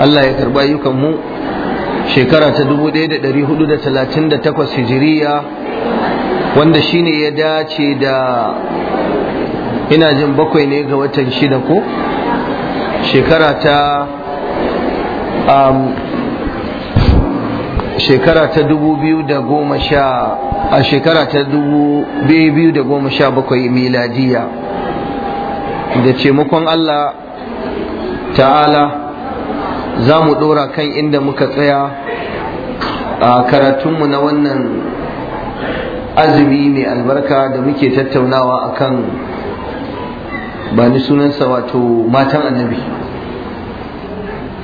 Allah ya karba ayyukan mu shekara ta 1438 hijiriya wanda shine ya dace da ina jin bakwai ne ga watan shida ko shekara ta um, shekara ta dubu biyu da goma sha a shekara ta dubu biyu da goma sha bakwai miladiya da taimakon Allah ta'ala za mu ɗora kan inda muka tsaya a karatunmu na wannan azumi mai albarka da muke tattaunawa akan ba ni sunansa wato matan annabi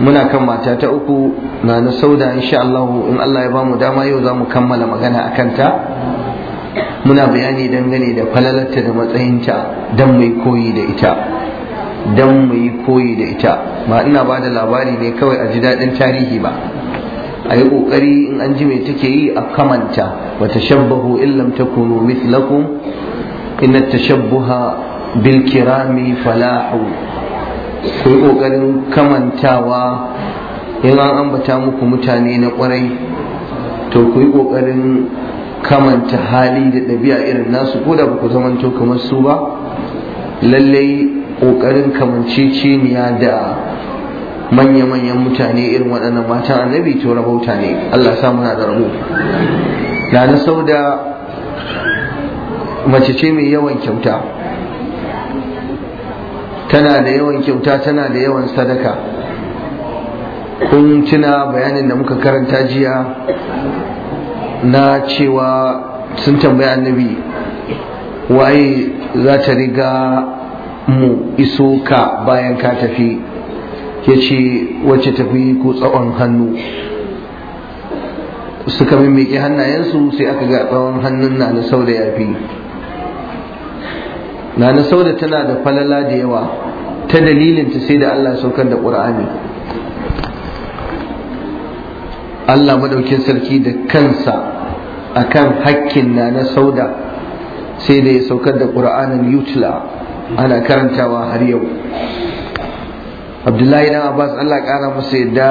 muna kan mata ta uku na na sauda insha Allah in Allah ya bamu dama yau za mu kammala magana a kanta muna bayani dangane da falalarta da matsayinta don mai koyi da ita don mu yi koyi da ita ba ina ba da labari ne kawai a ji daɗin tarihi ba a yi ƙoƙari in an ji mai take yi a kamanta wa shabbahu illam takunu ina ta shabbuha bil kirami falahu ku yi ƙoƙarin kamantawa in an ambata muku mutane na ƙwarai to ku yi ƙoƙarin kamanta hali da ɗabi'a irin nasu ko da ba ku zamanto kamar su ba lallai ƙoƙarin kamanceceniya da manya-manyan mutane irin waɗannan mata annabi to rahota ne Allah sa muna da rabo da na sau da mace ce mai yawan kyauta tana da yawan kyauta tana da yawan sadaka kun tuna bayanin da muka karanta jiya na cewa sun tambayi annabi waye za ta riga mu iso ka bayan ka tafi ya ce wacce tafi ko tsawon hannu suka mimiki hannayensu sai aka ga tsawon hannun na na sau da fi. na na sau da tana da falala da yawa ta dalilinta sai da Allah saukar da ƙur'ani Allah maɗaukin sarki da kansa akan hakkin na na sauda sai da ya saukar da ƙur'anin yutla ana karantawa har yau abdullahi na abbas allah kara masa yadda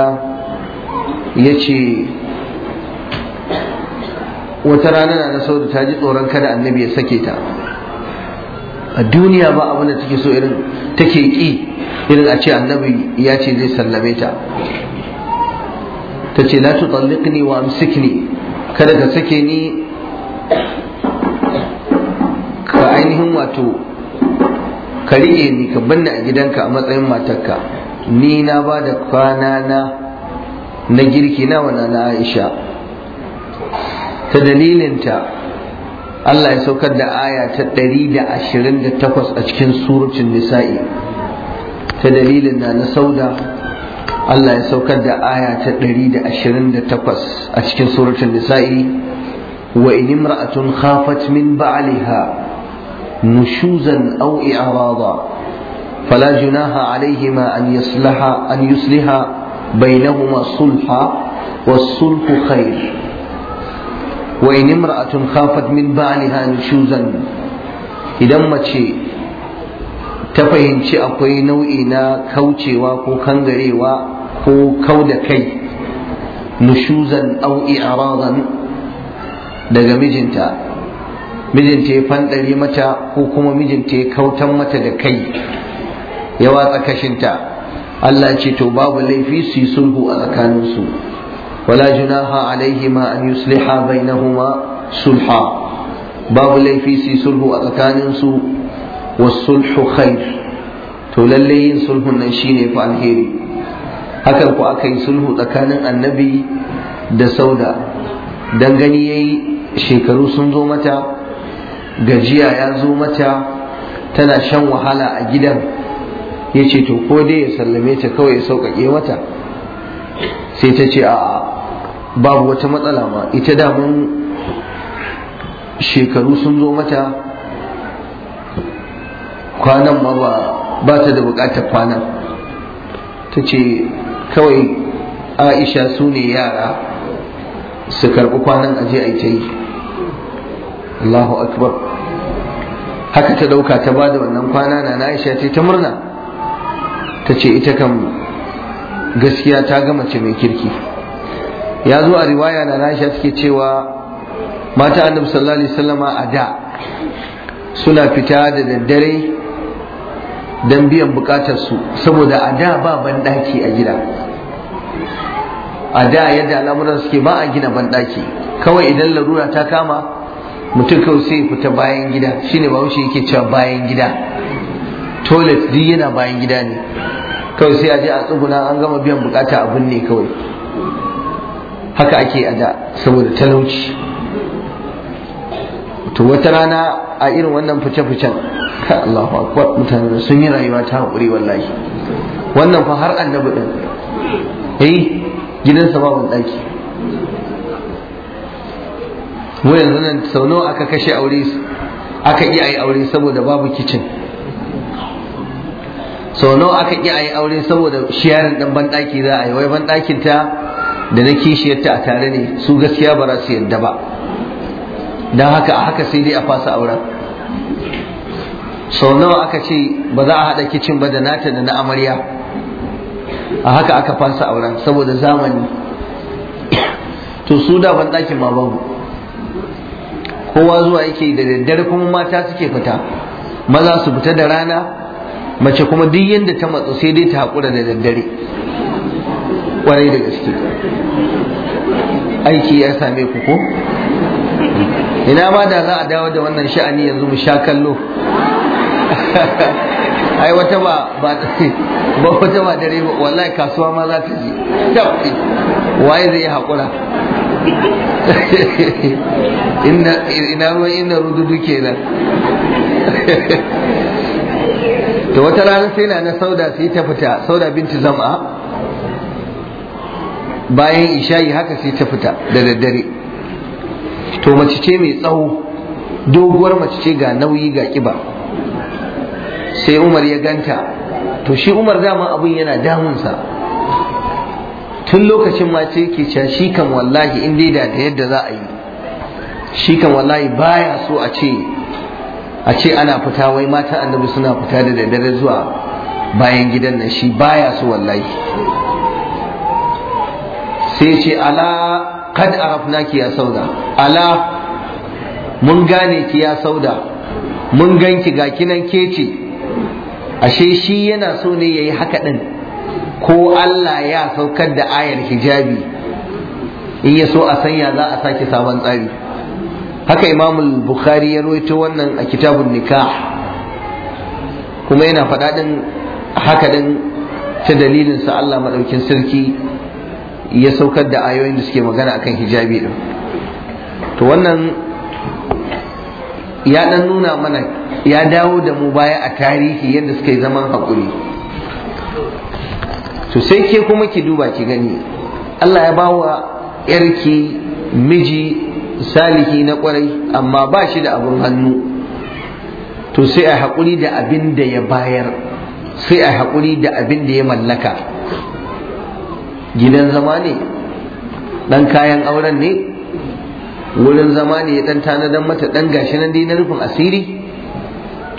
ya ce wata rana na sau ta ji tsoron kada annabi ya sake ta a duniya ba abin da take so irin take ki irin a ce annabi ya ce zai sallame ta ta ce la ne wa ne? kada ka sake ni ka ainihin wato ka riƙe ni ka binne a gidanka a matsayin matarka ni na ba da kwana na na girki na wana na aisha ta dalilinta Allah ya saukar da aya ta 128 a cikin surutun nisa'i ta dalilin na na sauda Allah ya saukar da aya ta 128 a cikin surutun nisa'i wa in imra'atun khafat min ba'liha نشوزا أو إعراضا فلا جناح عليهما أن يصلح أن يصلح بينهما صلحا والصلح خير وإن امرأة خافت من بعلها نشوزا إذا ما ta fahimci akwai nau'i na kaucewa ko kangarewa ko kau da kai nushuzan au i'radan daga mijinta mijinta ya fandare mata ko kuma mijinta ya kautan mata da kai ya watsa kashinta Allah ce to babu laifi su yi sulhu a tsakaninsu wala junaha ma an yusliha bainahuma sulha babu laifi su yi sulhu a tsakaninsu wasulhu khair to lalle yin sulhun nan shine fa alheri hakan ku aka yi sulhu tsakanin annabi da sauda dan gani yayi shekaru sun zo mata gajiya ya zo mata tana shan wahala a gidan ya ce to ko dai ya sallame ta kawai ya sauƙaƙe mata sai ta ce a babu wata matsala ma ita damun shekaru sun zo mata kwanan ma ba ta da buƙatar kwanan ta ce kawai aisha su ne yara su karɓi kwanan aje a yi ta yi Allahu akbar haka ta dauka ta bada wannan kwana na Aisha ce ta murna ta ce ita kan gaskiya ta gama ce mai kirki ya zo a riwaya na Aisha take cewa mata annabi sallallahu alaihi wasallama a da suna fita da daddare don biyan su saboda a da ba banɗaki a gida a da yadda lamuran suke ba a gina banɗaki kawai idan larura ta kama mutum kawai sai fita bayan gida shine ba wuce yake cewa bayan gida toilet duk yana bayan gida ne kawai sai a je a tsuguna an gama biyan bukata a binne kawai haka ake a da saboda talauci to wata rana a irin wannan fice-ficen ka Allah akbar mutane sun yi rayuwa ta haƙuri wallahi wannan fa har annabi ya eh gidansa babu ɗaki mu yanzu nan sau nawa aka kashe aure aka iya yi aure saboda babu kicin sau nawa aka iya yi aure saboda shiyarin dan banɗaki za a yi wai banɗakin ta da na kishiyarta a tare ne su gaskiya ba za su yadda ba don haka a haka sai dai a fasa auren sau nawa aka ce ba za a haɗa kicin ba da nata da na amarya a haka aka fasa auren saboda zamani to su da banɗakin ma babu kowa zuwa yake da daddare kuma mata suke fita maza su fita da rana mace kuma duk yadda ta matsu sai dai ta haƙura da daddare ƙwarai da gaske aiki ya same ku ko ina ma da za a dawo da wannan sha'ani yanzu mu sha kallo ai wata ba ba wata ba dare ba wallahi kasuwa ma za ta je waye zai haƙura ina ruwan ina rududu nan to wata rana sai na na sauda sai ta fita sauda binti zama bayan isha'i haka sai ta fita da daddare to mace ce mai tsawo doguwar mace ce ga nauyi ga kiba sai umar ya ganta to shi umar dama abin yana damunsa tun lokacin ma ce yake cewa shi kan wallahi in dai da yadda za a yi shi kan wallahi baya so a ce a ce ana fita wai mata annabi suna fita da daddare zuwa bayan gidan nan shi baya so wallahi sai ce ala kad arafna ki ya sauda ala mun gane ki ya sauda mun ganki ga kinan ke ce ashe shi yana so ne yayi haka din ko Allah ya saukar da ayar hijabi in ya so a sanya za a sake sabon tsari haka imamul bukhari ya rawaito wannan a kitabun nikah kuma yana faɗaɗin haka din ta dalilin sa Allah maɗaukin sarki ya saukar da ayoyin da suke magana akan hijabi din to wannan ya ɗan nuna mana ya dawo da mu baya a tarihi yadda suke zaman haƙuri to sai ke kuma ki duba ki gani Allah ya bawa yarki miji salihi na kwarai amma ba shi da abun hannu to sai a haƙuri da abin da ya bayar sai a haƙuri da abin da ya mallaka gidan zama ne ɗan kayan auren ne wurin zama ne ya ɗan tanadar mata ɗan gashi nan dai na rufin asiri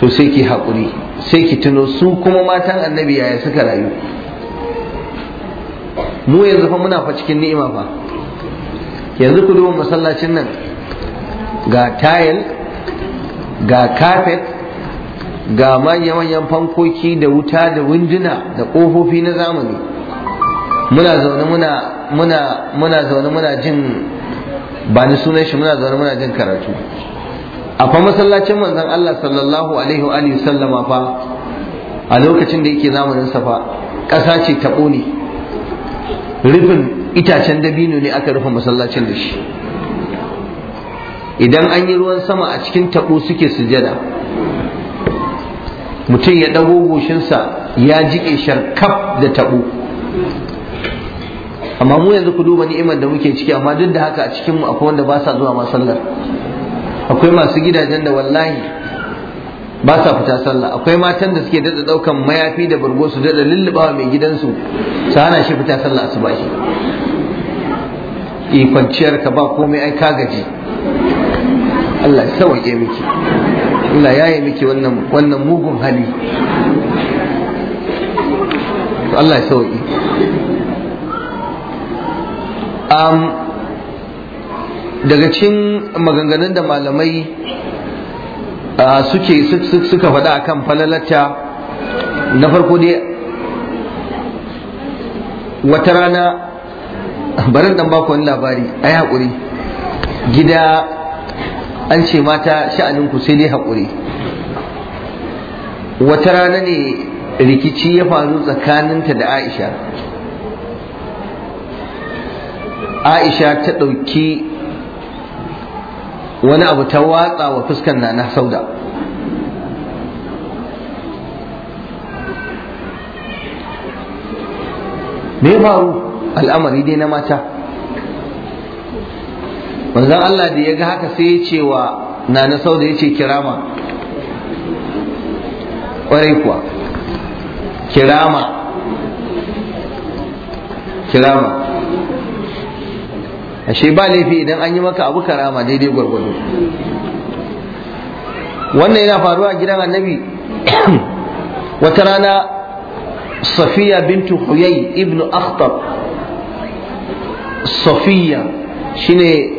to sai ki haƙuri sai ki tuno su kuma matan annabi yaya suka rayu mu yanzu fa muna fa cikin ni'ima fa yanzu ku duba masallacin nan ga tile ga kafet ga manya-manyan fankoki da wuta da winduna da ƙofofi na zamani muna zaune muna muna muna zaune muna jin ba ni sunan shi muna zaune muna jin karatu a fa masallacin manzon Allah sallallahu alaihi wa sallama fa a lokacin da yake zamanin safa ƙasa ce ta ƙone rufin itacen dabino ne aka rufe masallacin da shi idan an yi ruwan sama a cikin tabo suke sujada mutum ya ɗago goshinsa ya jiƙe sharkaf da tabo amma mu yanzu ku duba ni'imar da muke ciki amma duk da haka a cikinmu akwai wanda ba sa zuwa masallar akwai masu gidajen da wallahi ba sa fita sallah akwai matan da suke dada daukan mayafi da burgo su dada lullubawa mai gidansu su hana shi fita sallah su ba shi e kwanciyar ka ba komai ai ka gaji Allah ya sauke miki Allah ya yi miki wannan wannan mugun hali Allah ya sauke daga cikin maganganun da malamai suke suka faɗa akan falalata na farko dai wata rana barin dan baku wani labari ai haƙuri gida an ce mata sha'aninku sai dai hakuri. wata rana ne rikici ya faru tsakaninta da aisha aisha ta ɗauki wani abu ta watsa wa fuskan na sauda me faru al'amari dai na mata wanzan Allah da ya ga haka sai ya ce wa nana sauda ya ce kirama ƙwarai kuwa kirama kirama ashe ba laifi idan an yi maka abu karama daidai gwargwado wannan yana faruwa a gidan annabi wata rana safiya bintu huyai ibnu akhtar safiya shine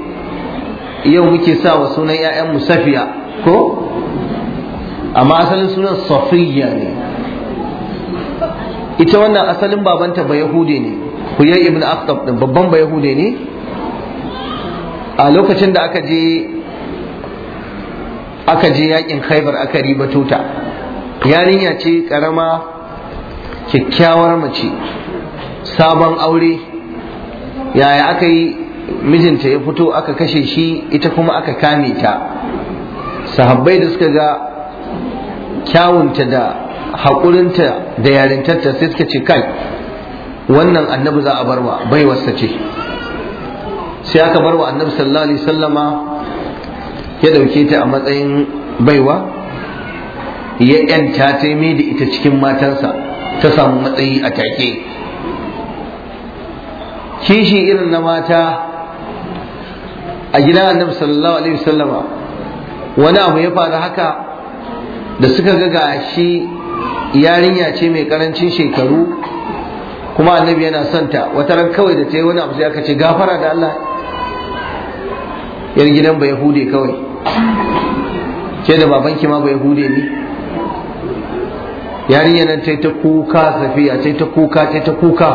yau muke sa wa sunan 'ya'yan musafiya ko amma asalin sunan safiya ne ita wannan asalin babanta ba yahude ne huyai ibnu akhtar babban ba yahude ne a lokacin da aka je aka je yakin khaibar aka riba tuta yarinya ce karama kyakkyawar mace sabon aure yaya aka yi mijinta ya fito aka kashe shi ita kuma aka kame ta sahabbai da suka ga kyawunta da haƙurinta da yarintarta sai suka ce kai wannan annabi za a bar wa baiwarsa ce sai aka bar wa annabi sallallahu alaihi sallama ya dauke ta a matsayin baiwa ya yanta ta mai da ita cikin matansa ta samu matsayi a take kishi irin na mata a gidan annabi sallallahu alaihi wasallama wani abu ya faru haka da suka ga gashi yarinya ce mai karancin shekaru kuma annabi yana son wata ran kawai da ta yi wani abu sai aka ce gafara da Allah yar gidan ba yahude kawai ke da babanki ma ba yahude ne yarinya nan ta ta kuka safiya ta ta kuka ta ta kuka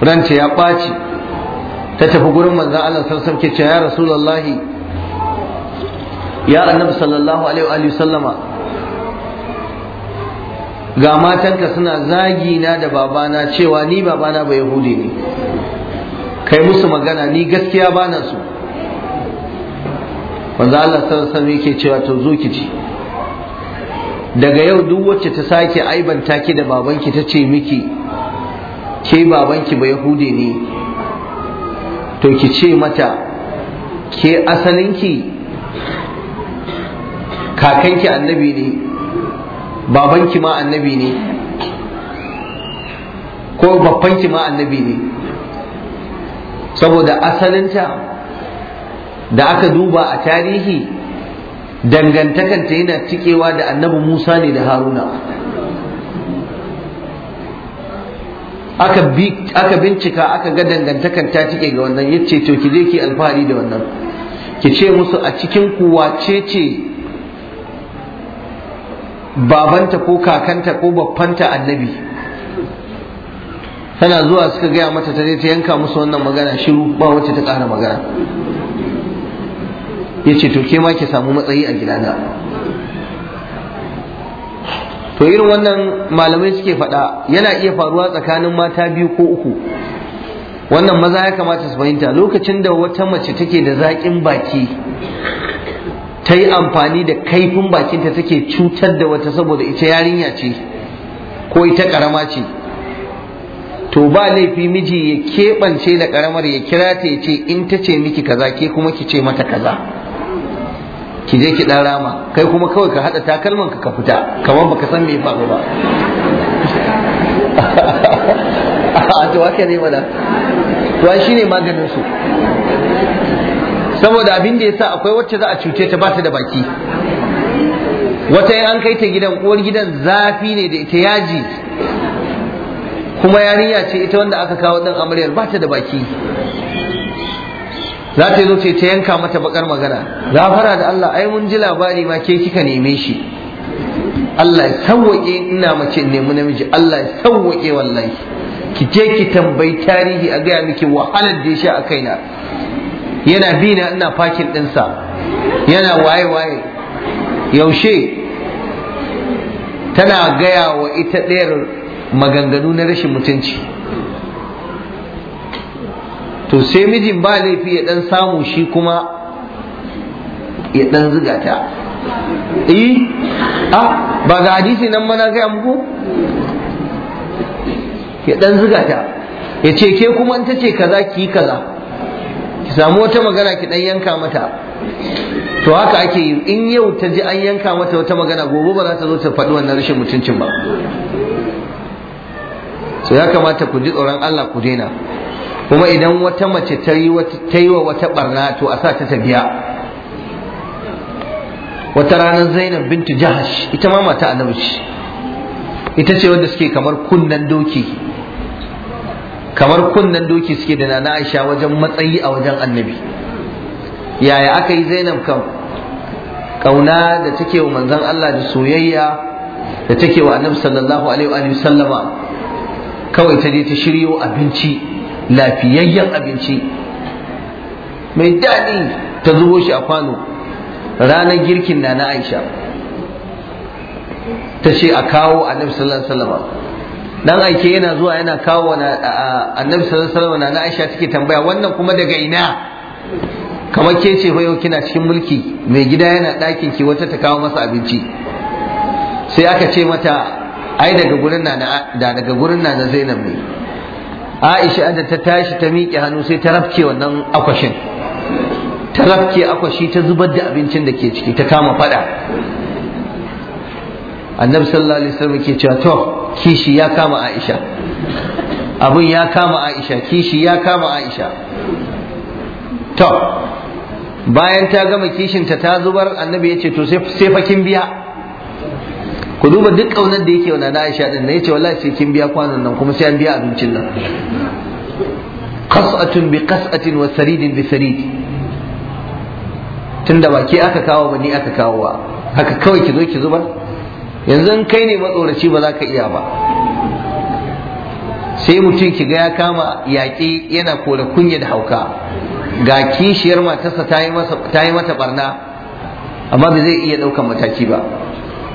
ranta ya ɓaci ta tafi gurin manzan Allah sarsan ke ce ya rasulallahi ya annabi sallallahu alaihi wa sallama ga matanka suna zagina da babana cewa ni babana ba yahude ne kai musu magana ni gaskiya ba na su wanda Allah yake cewa to zo ki ci daga yau duk wacce ta sake aibanta ki da babanki ta ce miki ke babanki ba yahudi ne to ki ce mata ke asalinki kakanki annabi ne babanki ma annabi ne ko babbanki ma annabi ne saboda asalinta da aka duba a tarihi dangantakanta yana cikewa da annabi Musa ne da Haruna aka bincika aka ga dangantakan ta cike ga wannan yace to ki je ki alfahari da wannan ki ce musu a cikin ku wace ce babanta ko kakanta ko babbanta annabi tana zuwa suka gaya mata ta ta yanka musu wannan magana shiru ba wacce ta ƙara magana ya ce to ma ki samu matsayi a gidana to irin wannan malamai suke faɗa yana iya faruwa tsakanin mata biyu ko uku wannan maza ya kamata su fahimta lokacin da wata mace take da zaƙin baki ta yi amfani da kaifin bakinta take cutar da wata saboda ita yarinya ce ko ita ƙarama ce to ba laifi miji ya keɓance da ƙaramar ya kira ta ya ce in ta ce miki kaza ke kuma ki ce mata kaza ki je ki ɗan rama kai kuma kawai ka haɗa takalman ka ka fita kamar baka san me faru ba a to wake ne mana to shi ne maganin su saboda abin da yasa akwai wacce za a cuce ta ba ta da baki wata an kai ta gidan uwar gidan zafi ne da ita yaji kuma yarinya ce ita wanda aka kawo ɗan amaryar ba ta da baki za ta zo ce ta yanka mata bakar magana gafara da Allah ai mun ji labari ma ke kika neme shi Allah ya sauwaƙe ina mace nemi namiji Allah ya sauwaƙe wallahi ki je ki tambayi tarihi a gaya miki wahalar da ya sha a kaina yana bi na ina fakin ɗinsa yana waye waye yaushe tana gaya wa ita ɗayar maganganu na rashin mutunci to sai mijin ba laifi ya dan samu shi kuma ya dan ziga ta eh ah ba ga hadisi nan mana gaya muku ya dan ziga ta ya ce ke kuma in ta ce kaza ki kaza ki samu wata magana ki dan yanka mata to haka ake yi in yau ta ji an yanka mata wata magana gobe ba za ta zo ta faɗi wannan rashin mutuncin ba So ya kamata ku ji tsoron Allah ku daina kuma idan wata mace ta yi wa wata barna to a sa ta tabiya wata ranar zainab bintu jahash ita ma mata annabi ita ce wanda suke kamar kunnen doki kamar kunnen doki suke da nana aisha wajen matsayi a wajen annabi yaya aka yi zainab kan kauna da take wa manzan Allah da soyayya da take wa annabi sallallahu alaihi wa sallama kawai ta je ta shiryo abinci lafiyayyen abinci mai daɗi ta zubo shi a kwano ranar girkin na na aisha ta ce a kawo annabi sallallahu alaihi wasallam dan aike yana zuwa yana kawo annabi sallallahu alaihi wasallam na aisha take tambaya wannan kuma daga ina kamar ke ce fa yau kina cikin mulki mai gida yana ɗakin ki wata ta kawo masa abinci sai aka ce mata ai daga gurin na da daga gurin na Zainab ne Aisha da ta tashi ta miƙe hannu sai ta rafke wannan akwashin ta rafke akwashi ta zubar da abincin da ke ciki ta kama fada annabi sallallahu alaihi wasallam ke cewa to kishi ya kama Aisha abun ya kama Aisha kishi ya kama Aisha to bayan ta gama ta ta zubar annabi ya ce to sai fakin biya ku duba duk kaunar da yake wa Aisha din ne yace wallahi sai kin biya kwanan nan kuma sai an biya abincin nan qas'atun bi qas'atin wa saridin bi sarid tunda ba ke aka kawo ba ni aka kawo wa haka kawai kizo zo ki zuba? yanzu in kai ne matsoraci ba za ka iya ba sai mutum ki ga ya kama yaƙi yana kore kunya da hauka ga kishiyar matarsa ta yi mata barna amma ba zai iya ɗaukan mataki ba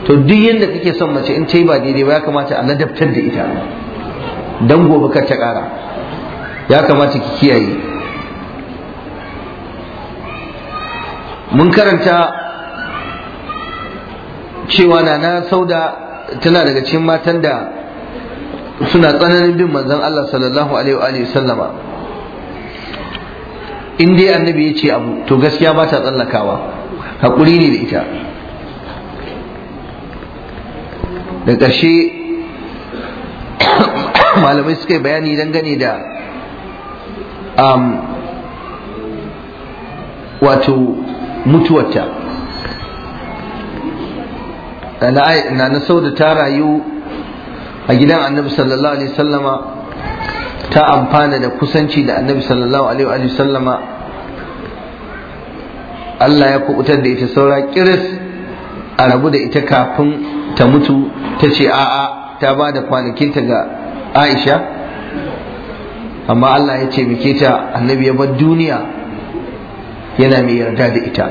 to duk yadda kake son mace in ta yi ba daidai ba ya kamata a ladabtar da ita don gobe kar ta ƙara ya kamata ki kiyaye mun karanta cewa na na sauda tana daga cikin matan da suna tsananin bin manzon Allah sallallahu alaihi wa sallama in dai annabi ya ce abu to gaskiya ba ta tsallakawa hakuri ne da ita da ƙarshe malamai suka yi bayani dangane da um, wato mutuwarta na na sau da ta rayu a gidan annabi sallallahu alaihi sallama ta amfana da kusanci da annabi sallallahu alaihi sallama Allah ya kubutar da ita saura kiris a rabu da ita kafin ta mutu ta ce a'a ta ba da kwanakinta ga aisha amma Allah ya muke ta annabi ya bar duniya yana mai yarda da ita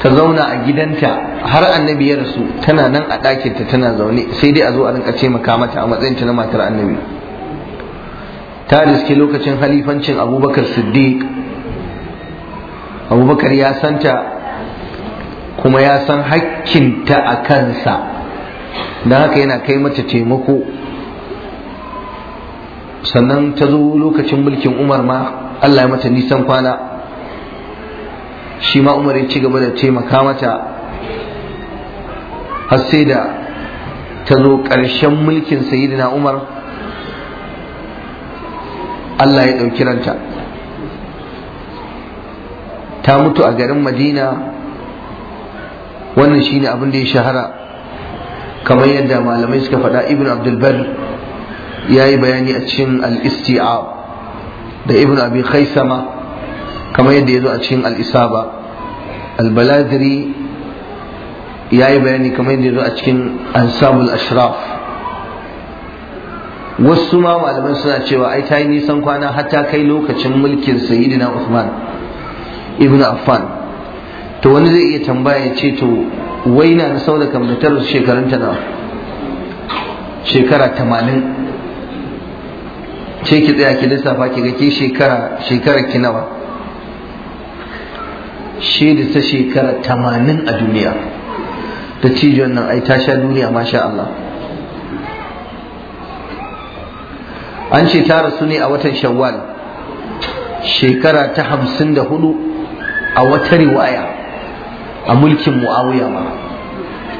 ta zauna a gidanta har annabi ya rasu tana nan a ɗakinta tana zaune sai dai a zo a rinka taimaka mata a matsayin ta na matar annabi ta riske lokacin halifancin abubakar siddiq abubakar ya santa kuma ya san hakkin ta a kansa don haka yana kai mata taimako sannan ta zo lokacin mulkin umar ma allah ya mata nisan kwana shi ma umar ya ci gaba da taimaka mata har sai da ta zo ƙarshen mulkin na umar allah ya ɗauki ranta ta mutu a garin madina wannan shine abin da ya shahara kamar yadda malamai suka faɗa ibn abdulbar ya yi bayani a cikin al da ibn abi khaisama kamar yadda ya zo a cikin al-isaba al ya yi bayani kamar yadda ya zo a cikin ansabul ashraf wasu ma malamai suna cewa ai ta yi nisan kwana har ta kai lokacin mulkin sayyidina usman ibn affan to wani zai iya tambaya ya ce to wai na sau da kamfutar da shekarun ta nawa shekara tamanin ce ki tsaya ki lissafa ki ga ke shekara shekarar ki nawa shi da ta shekara tamanin a duniya da cijon nan ai ta sha duniya masha Allah an ce ta rasu ne a watan shawwal shekara ta hamsin da hudu a wata riwaya a mulkin muawiya ma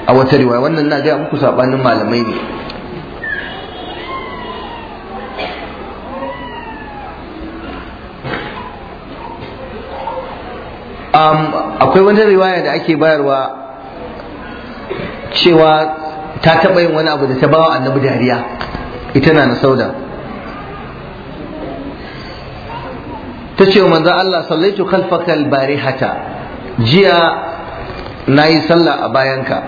a wata riwaya wannan na gaya muku sabanin malamai ne um, akwai wata riwaya da ake bayarwa cewa ta taɓa yin wani abu da ta bawa annabi dariya ita na na sauda ta ce wa manzan Allah sallaitu khalfaka barihata jiya na yi sallah a bayanka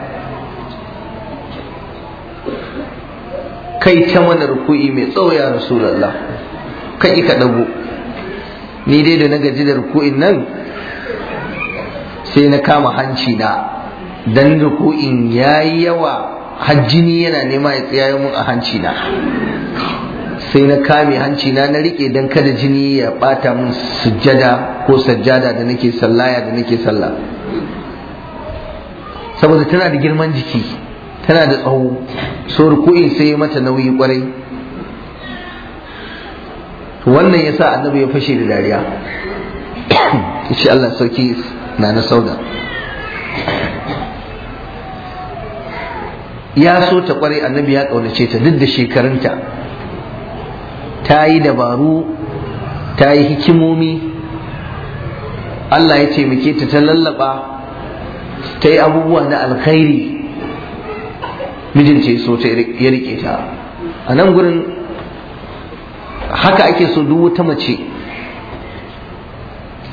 kai ta mana ruku'i mai tsawo ya rasulallah kai ka dago ni dai da na gaji da ruku'in nan sai na kama hanci na dan ruku'in yi yawa hajjini yana nema ya yi mun a hanci na sai na kame hanci na na riƙe dan kada jini ya ɓata mun sujjada ko sajjada da nake sallaya da nake sallah saboda tana da girman jiki tana da tsawo so ruku'in sai ya mata nauyi kwarai wannan ya sa annabi ya fashe da dariya shi Allah sauki na na sauda ya so ta kwarai annabi ya kaunace ta duk da shekarunta ta yi dabaru ta yi hikimomi Allah ya taimake ta ta lallaba ta yi abubuwa na alkhairi mijinta ya so ta ya rike ta a nan gurin haka ake so duk wata mace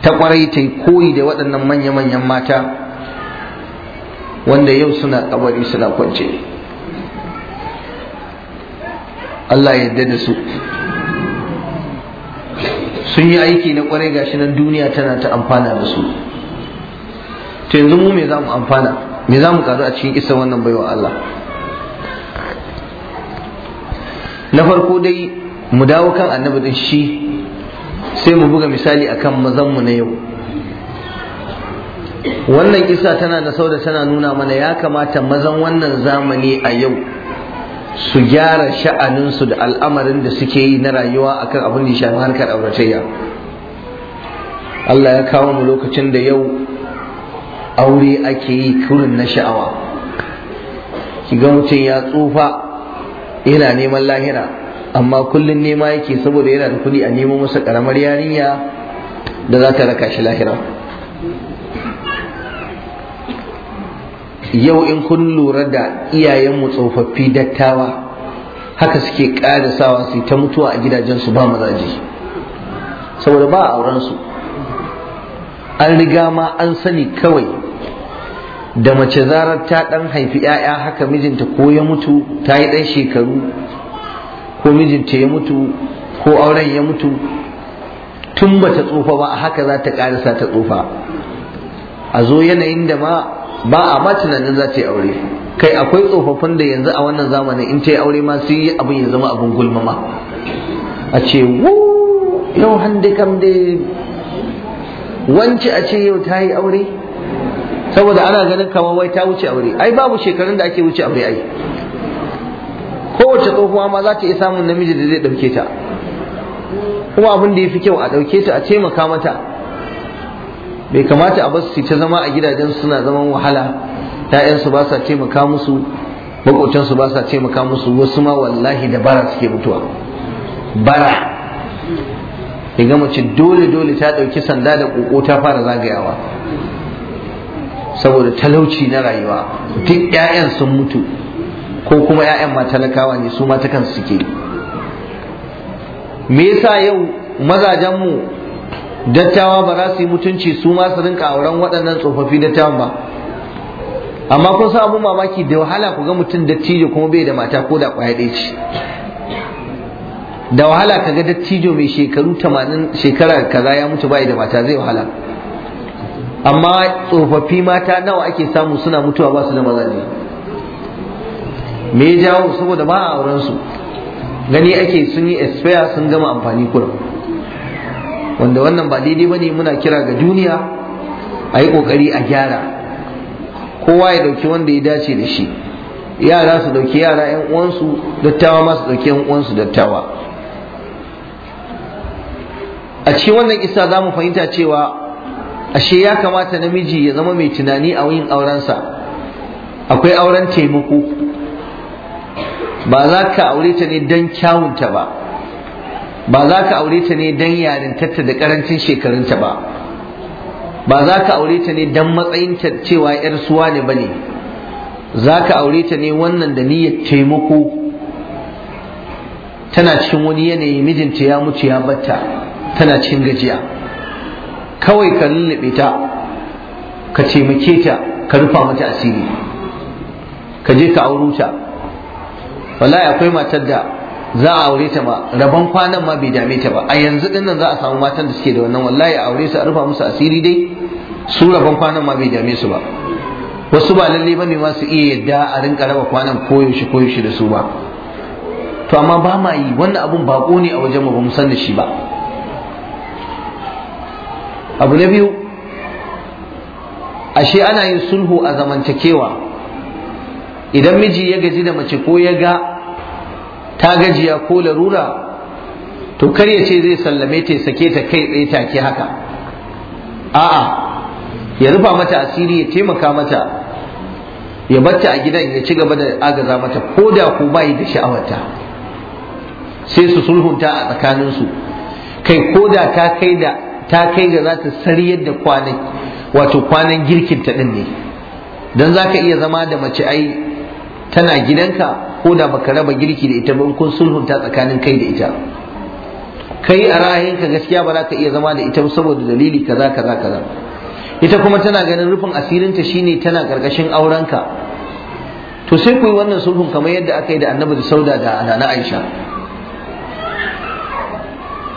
ta kwarai ta yi koyi da waɗannan manya-manyan mata wanda yau suna kabari suna kwance Allah ya yarda da su sun yi aiki na kwarai gashi nan duniya tana ta amfana da su to yanzu mu me za mu amfana me za mu karu a cikin isa wannan baiwa Allah na farko dai mu dawo kan annabi din shi sai mu buga misali akan mazanmu na yau wannan isa tana da sau da tana nuna mana ya kamata mazan wannan zamani a yau su gyara sha'aninsu da al'amarin da suke yi na rayuwa akan abin da shafi harkar auratayya Allah ya kawo mu lokacin da yau aure ake yi kurin na sha'awa ki ga mutum ya tsufa yana neman lahira amma kullum nema yake saboda yana da kuɗi a neman masa karamar yarinya da za ta raka shi lahira yau in kun lura da iyayenmu tsofaffi dattawa haka suke ƙara sawa su ta mutuwa a gidajensu ba mazaje saboda ba a aurensu an riga ma an sani kawai da mace zarar ta ɗan haifi 'ya'ya haka mijinta ko ya mutu ta yi ɗan shekaru ko mijinta ya mutu ko auren ya mutu tun ba ta tsufa ba a haka za ta karisa ta tsufa a zo yanayin da ma ba a ma tunanin za ta yi aure kai akwai tsofaffin da yanzu a wannan zamanin in ta yi aure ma sun yi abin ya zama abin gulmama a ce wuuu yau hande kam dai wance a ce yau ta yi aure saboda ana ganin kamar wai ta wuce aure ai babu shekarun da ake wuce aure ai kowace tsohuwa ma za ta iya samun namiji da zai ɗauke ta kuma abin da ya fi kyau a ɗauke ta a taimaka mata bai kamata a basu su ta zama a gidajen suna zaman wahala ‘ya'yansu ba sa taimaka musu maƙotansu ba sa taimaka musu wasu ma wallahi da bara suke mutuwa bara ya gama ce dole dole ta ɗauki sanda da ƙoƙo ta fara zagayawa saboda talauci na rayuwa duk 'ya'yan sun mutu ko kuma 'ya'yan ma talakawa ne su ma suke me yasa yau mazajenmu dattawa ba za su yi mutunci su ma su rinka auren waɗannan tsofaffi dattawan ba amma kun san abun mamaki da wahala ku ga mutum dattijo kuma bai da mata ko da ƙwaya ɗaya ce da wahala kaga ga dattijo mai shekaru 80 shekara kaza ya mutu bai da mata zai wahala amma tsofaffi mata nawa ake samu suna mutuwa ba su da mazaje me ya jawo saboda ba a auren su gani ake sun yi espaya sun gama amfani kurum wanda wannan ba daidai bane muna kira ga duniya a yi kokari a gyara kowa ya dauki wanda ya dace da shi yara su dauki yara yan uwansu dattawa ma su dauki yan uwansu dattawa a cikin wannan isa za mu fahimta cewa ashe ya kamata namiji ya zama mai tunani a yin aurensa akwai auren taimako ba za ka aure ta ne don kyawunta ba ba za ka aure ta ne don yarintarta da karancin shekarunta ba ba za ka aure ta ne don ta cewa 'yar suwa ne ba ne za ka aure ta ne wannan da niyyar taimako tana cikin wani yanayi mijinta ya mutu ya batta tana cikin gajiya kawai ka lullube ta ka taimake ta ka rufa mata asiri ka je ka auro ta wallahi akwai matar da za a aure ta ba rabon kwanan ma bai dame ta ba a yanzu din nan za a samu matan da suke da wannan wallahi a aure su a rufa musu asiri dai su rabon kwanan ma bai dame su ba wasu ba lalle bane ma su iya yadda a rinka raba kwanan koyaushe koyaushe da su ba to amma ba ma yi wannan abun bako ne a wajen mu ba mu san da shi ba abu na biyu ashe ana yin sulhu a zamantakewa idan miji ya gaji da mace ko ya ga ta gajiya ko larura to kar ya ce zai sallame ta sake ta kai tsaye take haka a'a ya rufa mata asiri ya taimaka mata ya batta a gidan ya ci gaba da agaza mata ko da ko bayi da sha'awarta sai su sulhunta a tsakaninsu kai ko da ta kai da ta kai ga za ta sariyar da kwanan wato kwanan girkin ta din ne don za ka iya zama da mace ai tana gidanka ko da baka raba girki da ita ba in sulhunta tsakanin kai da ita kai a ra'ayinka gaskiya ba za ka iya zama da ita saboda dalili kaza kaza kaza ita kuma tana ganin rufin asirinta shine tana karkashin aurenka to sai ku yi wannan sulhun kamar yadda aka yi da annabi da sauda da nana aisha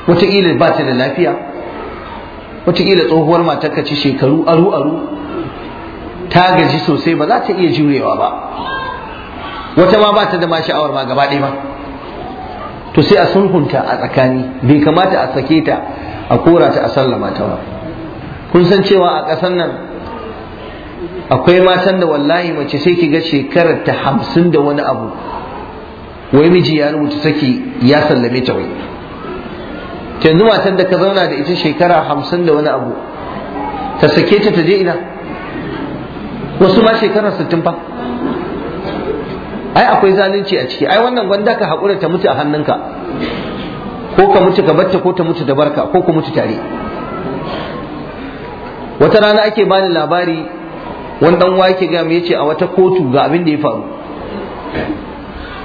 wataƙila ba ta da lafiya wataƙila tsohuwar matar ka ci shekaru aru aru ta gaji sosai ba za ta iya jurewa ba wata ma ba ta da ma sha'awar ma gaba ɗaya ba to sai a sulhunta a tsakani bai kamata a sake ta a kora ta a sallama ta ba kun san cewa a ƙasar nan akwai matan da wallahi mace sai ki ga shekarar ta hamsin da wani abu wai miji ya rubuta saki ya sallame ta wai yanzu matan da ka zauna da ita shekara hamsin da wani abu ta sake ta je ina wasu ma shekara sittin fa ai akwai zalunci a ciki ai wannan gwanda ka haƙura ta mutu a hannunka ko ka mutu ka batta ko ta mutu da barka ko ku mutu tare wata rana ake bani labari wani dan uwa yake ga mu yace a wata kotu ga abin da ya faru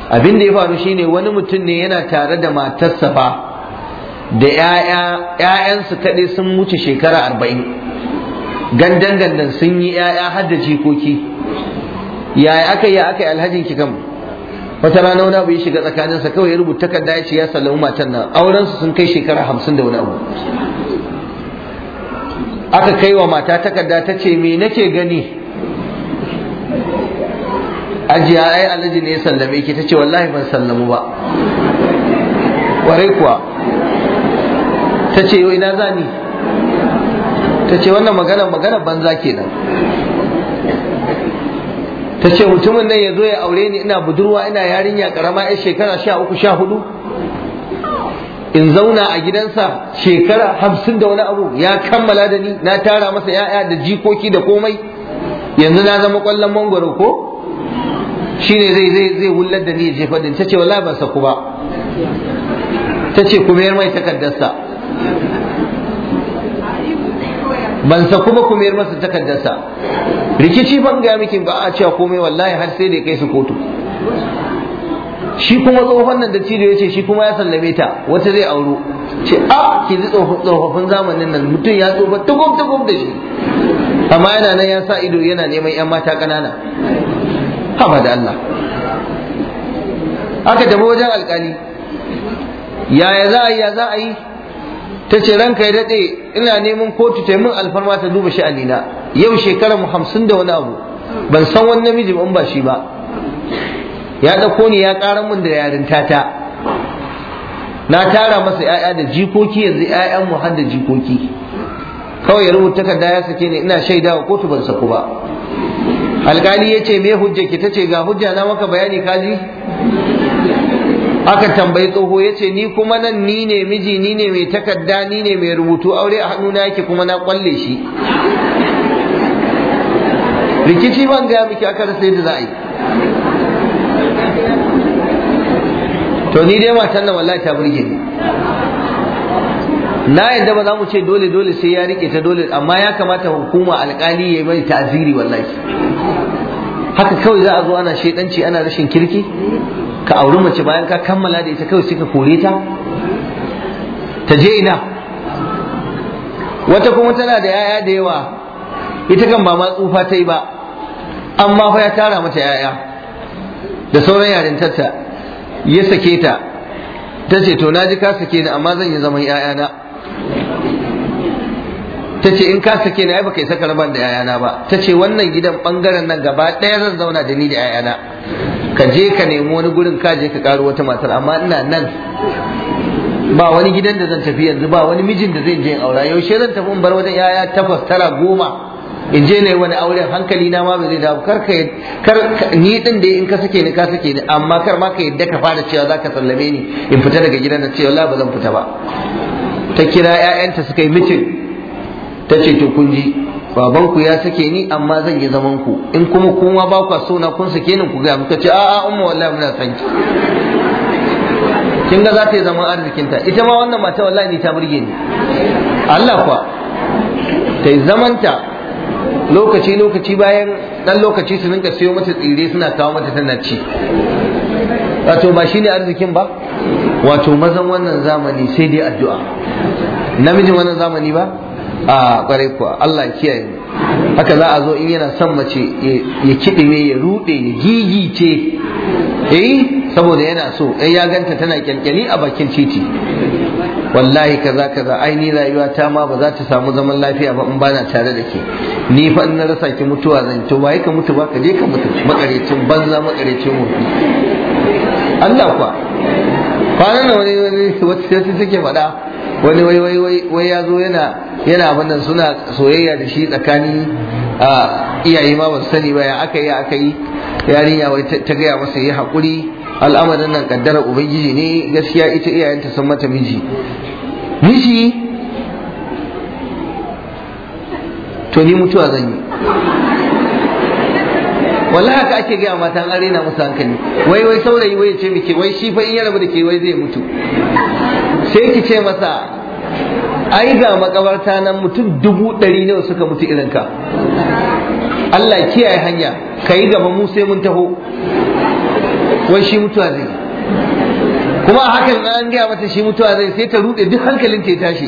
abin da ya faru shine wani mutum ne yana tare da matarsa fa da ‘ya'yansu kaɗai sun wuce shekara arba'in gandan gandan sun yi ‘ya'ya har da jikoki yaya aka yi aka yi alhajin ki kam wata rana wani abu shiga tsakaninsa kawai ya rubuta takarda ya ce ya sallama matan nan aurensu sun kai shekara hamsin da wani abu aka kai wa mata takarda ta ce me nake gani ajiya ai alhaji ne ya sallame ki ta ce wallahi ban sallamu ba kwarai kuwa ta ce yau ina zani ta ce wannan magana magana banza kenan ta ce mutumin nan ya zo ya aure ni ina budurwa ina yarinya karama yar shekara sha uku sha hudu in zauna a gidansa shekara hamsin da wani abu ya kammala da ni na tara masa ya'ya da jikoki da komai yanzu na zama kwallon mangwaro ko shine zai zai zai wullar da ni ya jefa din ta ce wallahi sa saku ba ta ce kuma yar mai takardarsa ban sa kuma ku mayar masa takardarsa rikici ban ga miki ba a cewa komai wallahi har sai da kai su kotu shi kuma tsohon nan da cire yace shi kuma ya sallame ta wata zai auro ce a ki ji tsofaffin zamanin nan mutum ya tsofa tukum tukum da shi amma yana nan ya sa ido yana neman yan mata kanana haba da Allah aka tafi wajen alkali yaya za a yi ya za a yi ta ce ranka ya daɗe ina neman kotu ta min alfarma ta duba shi alina yau shekara mu hamsin da wani abu ban san wani namiji ban in ba shi ba ya ɗauko ni ya ƙara mun da yarinta ta na tara masa ‘ya'ya da jikoki yanzu ‘ya'yan mu har da jikoki kawai ya rubuta takarda ya sake ni ina shaida wa kotu ban saku ba alkali ya ce me hujja ki ta ce ga hujja na maka bayani kaji aka tambayi tsoho ya ce ni kuma nan ni ne miji ni ne mai takarda ni ne mai rubutu aure a hannuna yake kuma na kwalle shi rikici ban gaya miki aka rasa yadda za a yi to ni dai matan nan wallahi ta burge ni na yadda ba za mu ce dole dole sai ya rike ta dole amma ya kamata hukuma alkali ya mai ta'aziri wallahi haka kawai za a zo ana shaidanci ana rashin kirki ka auri mace bayan ka kammala da ita kawai sai ka kore ta ta je ina wata kuma tana da yaya da yawa ita kan ba ma tsufa ta yi ba amma fa ya tara mata yaya da sauran yarintarta ya sake ta ta ce to na ji ka sake ni amma zan yi zaman yayana ta ce in ka sake ni ai baka isa ka rabar da yayana ba ta ce wannan gidan bangaren nan gaba ɗaya zan zauna da ni da yayana ka je ka nemi wani gurin ka je ka karo wata matar amma ina nan ba wani gidan da zan tafi yanzu ba wani mijin da zai je in aura yaushe zan tafi in bar wajen yaya takwas tara goma in je ne wani auren hankali na ma bai zai dawo kar ka kar ni din da in ka sake ni ka sake ni amma kar ma ka yadda ka fara cewa za ka sallame ni in fita daga gidan na ce wallahi ba zan fita ba ta kira ƴaƴanta suka yi mitin ta ce to kun ji babanku ya sake ni amma zan yi zaman ku in kuma kuma ba ku so na kun sake ni ku ga muka ce a'a umma wallahi muna san ki kin ga za ta yi zaman arzikinta ita ma wannan mata wallahi ni ta burge ni Allah kuwa ta yi zamanta lokaci lokaci bayan dan lokaci su ninka siyo mata tsire suna kawo mata tana ci wato ba shine arzikin ba wato mazan wannan zamani sai dai addu'a namijin wannan zamani ba a kwarai kuwa Allah ya kiyaye mu haka za a zo in yana son mace ya kiɗime ya ruɗe ya gigice eh saboda yana so in ya ganta tana kyankyani a bakin titi wallahi kaza kaza ai ni rayuwa ta ma ba za ta samu zaman lafiya ba in bana tare da ke ni fa in na rasa ki mutuwa zan to waye ka mutu ba ka je ka mutu makarecin banza makarecin wofi Allah kwa kwanan wani wani wacce take faɗa wani wai wai wai ya zo yana yana wannan suna soyayya da shi tsakanin iyaye ma ba sani ba ya aka yi aka yi yarinya wai ta gaya masa yi hakuri. al'amarin nan kaddara ubangiji ne gaskiya ita iyayenta sun mata miji miji to ni mutuwa zan yi wallahi haka ake gaya matan an na musu hankali wai wai saurayi wai ce miki wai shi fa in ya rabu da ke wai zai mutu sai ki ce masa ai ga makabarta nan mutum dubu ɗari nawa suka mutu irin ka Allah kiyaye hanya ka yi gaba mu sai mun taho wai shi mutuwa zai kuma a hakan an gaya mata shi mutuwa zai sai ta rude duk hankalin ta ya tashi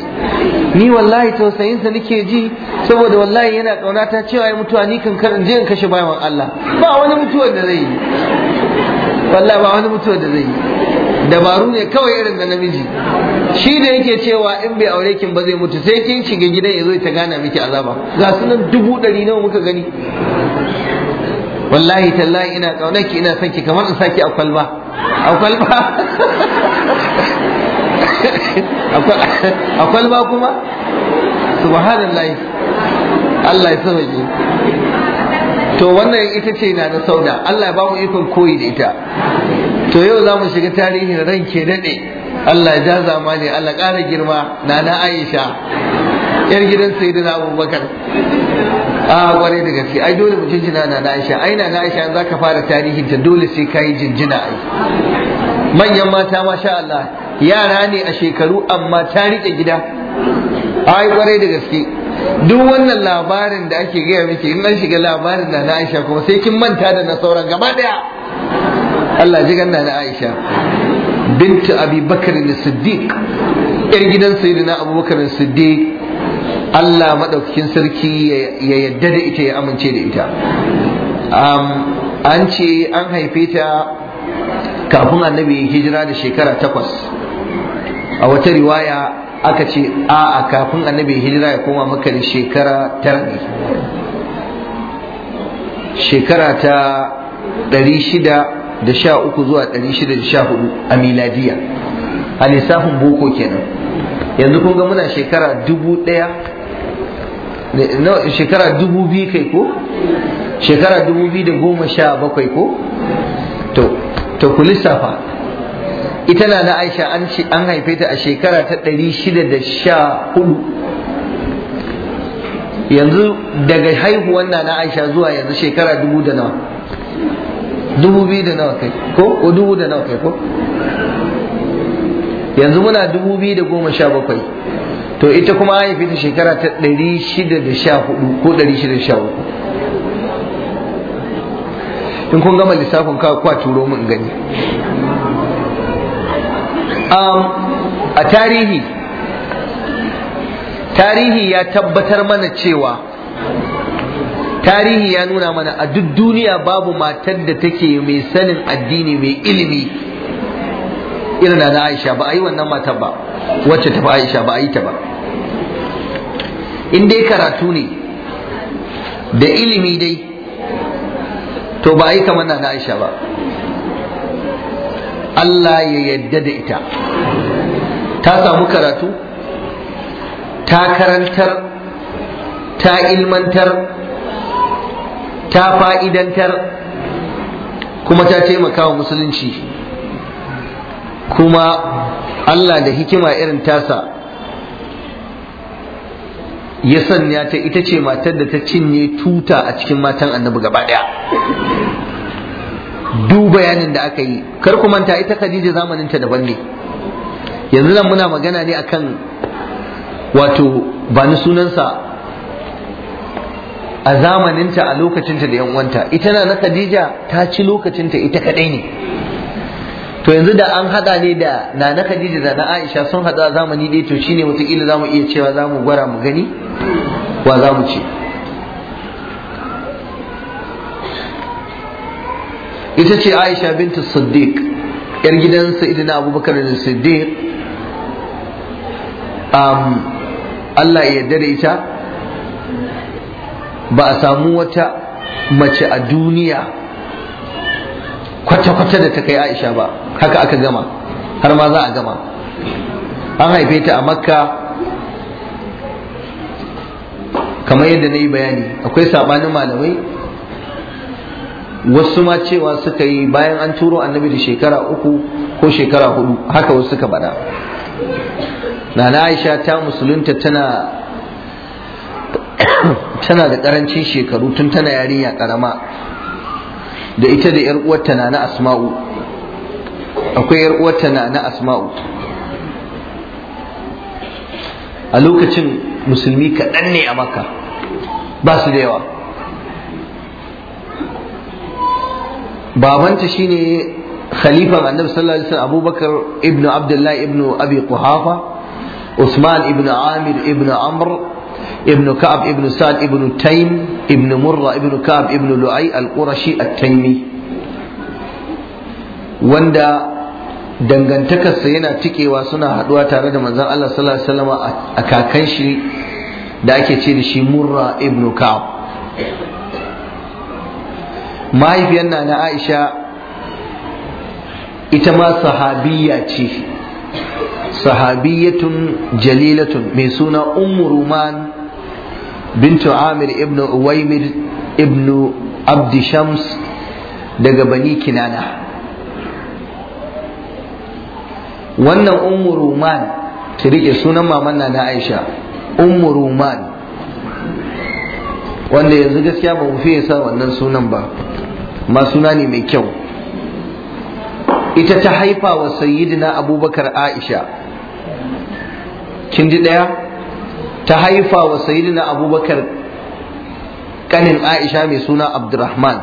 ni wallahi tausayin sa nake ji saboda wallahi yana kauna ta cewa ya mutuwa ni kan kar je in kashe bayan Allah ba wani mutuwa da zai yi wallahi ba wani mutuwa da zai yi dabaru ne kawai irin da namiji shi da yake cewa in bai aure kin ba zai mutu sai kin shiga gidan ya zo ta gana miki azaba ga sunan dubu dari nawa muka gani wallahi tallahi ina ki ina son ki kamar in saki a kwalba a kwalba a kwalba kuma subhanallah Allah ya sauke to wannan ita ce na na sauda Allah ya ba mu ikon koyi da ita to yau za mu shiga tarihin ran ke daɗe Allah ya ja zamani Allah ƙara girma na na Aisha yar gidan da sai na Abubakar a kwarai da gaske ai dole mu jinjina na Aisha ai na Aisha za ka fara tarihin ta dole sai kai jinjina ai manyan mata masha Allah yara ne a shekaru amma ta rike gida ai kwarai da gaske duk wannan labarin da ake gaya miki in an shiga labarin na na Aisha kuma sai kin manta da na sauran gaba daya Allah ji ganna na Aisha bint Abi Bakar Siddiq yar gidan Sayyidina Abubakar Siddiq Allah maɗaukakin sarki ya yadda da ita ya amince da ita an ce an haife ta kafin annabi hijira da shekara takwas a wata riwaya aka ce a a kafin annabi hijira ya koma maka da shekara tara ne shekara ta ɗari shida da sha uku zuwa ɗari shida da sha hudu a miladiya a lissafin boko kenan yanzu kun ga muna shekara dubu ɗaya shekara dubu biyu kai ko shekara dubu biyu da goma sha bakwai ko to ku lissafa ita na na aisha an haife ta a shekara ta ɗari shida da sha hudu yanzu daga haihuwan na na aisha zuwa yanzu shekara dubu da nawa dubu biyu da nawa kai ko o dubu da nawa kai ko yanzu muna dubu biyu da goma sha bakwai to ita kuma an fi ta shekara ta 614 ko 614 in kun gama lissafin kwa turo mun gani um, a tarihi tarihi ya tabbatar mana cewa tarihi ya nuna mana a duk duniya babu matar da take mai sanin addini mai ilimi irin na Aisha ba a yi wannan matan ba wacce ta Aisha ba a yi ta ba in dai karatu ne da ilimi dai to ba a yi kamar na Aisha ba Allah ya yadda da ita ta samu karatu ta karantar ta ilmantar ta fa'idantar kuma ta taimaka wa musulunci kuma Allah da hikima irin tasa ya sanya ta ita ce matar da ta cinye tuta a cikin matan annabi gaba ɗaya. duk bayanin da aka yi kar ku manta ita Khadija zamanin ta daban ne yanzu nan muna magana ne akan wato ba ni sunansa a zamaninta a lokacinta da yan uwanta ita na na Khadija ta ci lokacinta ita kadai ne to yanzu da an hada ne da nana Khadija da na Aisha sun hada zamani dai to shine wataƙila zamu iya cewa zamu gwara mu gani wa zamu ce ita ce Aisha bintu Siddiq yar gidan na Abubakar da Siddiq Allah ya yarda da ita ba a samu wata mace a duniya kwata-kwata da ta kai aisha ba haka aka gama har ma za a gama an haife ta a makka kamar yadda na yi bayani akwai sabanin malamai wasu ma cewa suka yi bayan an turo annabi da shekara uku ko shekara hudu haka wasu suka bada na aisha ta musulunta tana tana da karancin shekaru tun tana yarinya karama da ita da yar uwarta na asma'u akwai yar uwarta na asma'u a lokacin musulmi kaɗan ne a Makka ba su da yawa babanta shine khalifan annabi sallallahu alaihi wasallam abubakar ibnu abdullahi ibnu abi quhafa usman Ibn amir ibnu amr ibnu ka'ab ibnu sa'ad ibnu taym ibn murra ibn ka'ab ibn lu'ai al-qurashi wanda dangantakarsa yana tikewa suna haɗuwa tare da manzon Allah sallallahu alaihi a kakan shi da ake ce da shi murra ibn ka'ab mahaifiyar na na Aisha ita ma sahabiyya ce sahabiyatun jalilatun mai suna umurman. bintu amir ibn uwaimir ibn abdi shams daga bani kinana wannan ummu ruman ki rike sunan maman na aisha ummu ruman wanda yanzu gaskiya ba mu fiye sa wannan sunan ba ma suna ne mai kyau ita ta haifa wa sayyidina abubakar aisha kin ji ɗaya ta haifa wa sayyidina abubakar kanin aisha mai suna abdurrahman